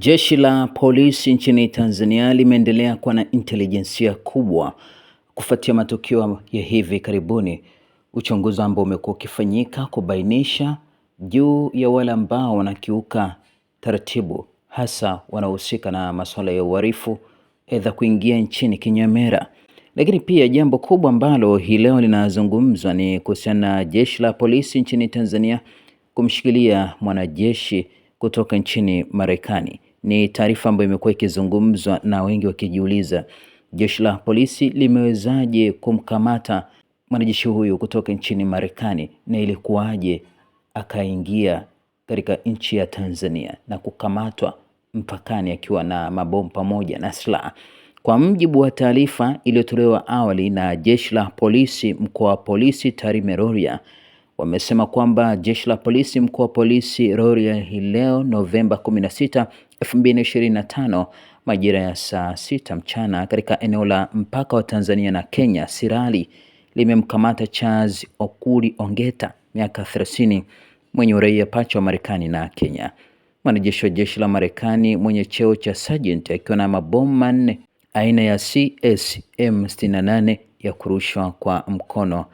Jeshi la polisi nchini Tanzania limeendelea kuwa na intelijensia kubwa kufuatia matukio ya hivi karibuni, uchunguzi ambao umekuwa ukifanyika kubainisha juu ya wale ambao wanakiuka taratibu, hasa wanaohusika na masuala ya uhalifu, aidha kuingia nchini kinyemera. Lakini pia jambo kubwa ambalo hii leo linazungumzwa ni kuhusiana na jeshi la polisi nchini Tanzania kumshikilia mwanajeshi kutoka nchini Marekani. Ni taarifa ambayo imekuwa ikizungumzwa na wengi wakijiuliza, jeshi la polisi limewezaje kumkamata mwanajeshi huyu kutoka nchini Marekani na ilikuwaje akaingia katika nchi ya Tanzania na kukamatwa mpakani akiwa na mabomu pamoja na silaha. Kwa mjibu wa taarifa iliyotolewa awali na jeshi la polisi mkoa wa polisi Tarime Rorya wamesema kwamba jeshi la polisi mkuu wa polisi Rorya hii leo Novemba 16, 2025 majira ya saa sita mchana katika eneo la mpaka wa Tanzania na Kenya Sirali limemkamata Charles Okuli Ongeta miaka 30 mwenye uraia pacha wa Marekani na Kenya, mwanajeshi wa jeshi la Marekani mwenye cheo cha sergeant akiwa na mabomu manne aina ya CSM 68 ya kurushwa kwa mkono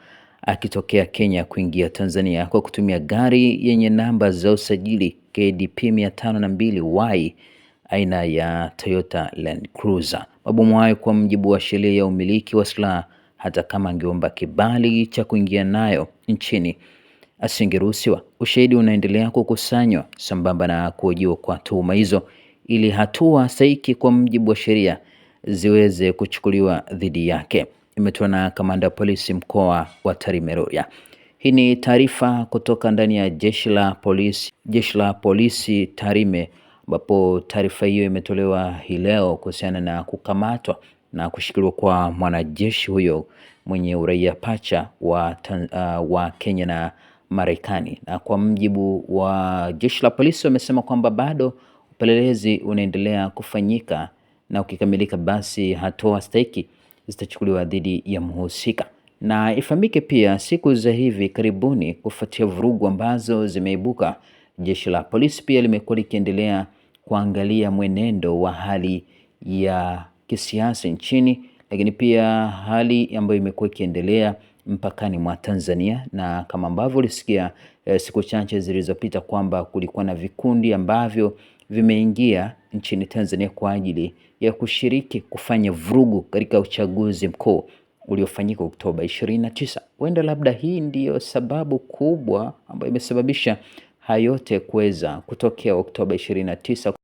akitokea Kenya kuingia Tanzania kwa kutumia gari yenye namba za usajili KDP 502Y aina ya Toyota Land Cruiser. Mabomu hayo kwa mujibu wa sheria ya umiliki wa silaha, hata kama angeomba kibali cha kuingia nayo nchini asingeruhusiwa. Ushahidi unaendelea kukusanywa sambamba na kuojiwa kwa tuhuma hizo, ili hatua stahiki kwa mujibu wa sheria ziweze kuchukuliwa dhidi yake imetoa na kamanda polisi mkoa wa Tarime Rorya. Hii ni taarifa kutoka ndani ya jeshi la polisi, jeshi la polisi Tarime, ambapo taarifa hiyo imetolewa hii leo kuhusiana na kukamatwa na kushikiliwa kwa mwanajeshi huyo mwenye uraia pacha wa, uh, wa Kenya na Marekani. Na kwa mjibu wa jeshi la polisi wamesema kwamba bado upelelezi unaendelea kufanyika na ukikamilika, basi hatua stahiki zitachukuliwa dhidi ya mhusika. Na ifahamike pia, siku za hivi karibuni, kufuatia vurugu ambazo zimeibuka, jeshi la polisi pia limekuwa likiendelea kuangalia mwenendo wa hali ya kisiasa nchini, lakini pia hali ambayo imekuwa ikiendelea mpakani mwa Tanzania na kama ambavyo ulisikia e, siku chache zilizopita kwamba kulikuwa na vikundi ambavyo vimeingia nchini Tanzania kwa ajili ya kushiriki kufanya vurugu katika uchaguzi mkuu uliofanyika Oktoba 29. Huenda labda hii ndiyo sababu kubwa ambayo imesababisha hayote kuweza kutokea Oktoba 29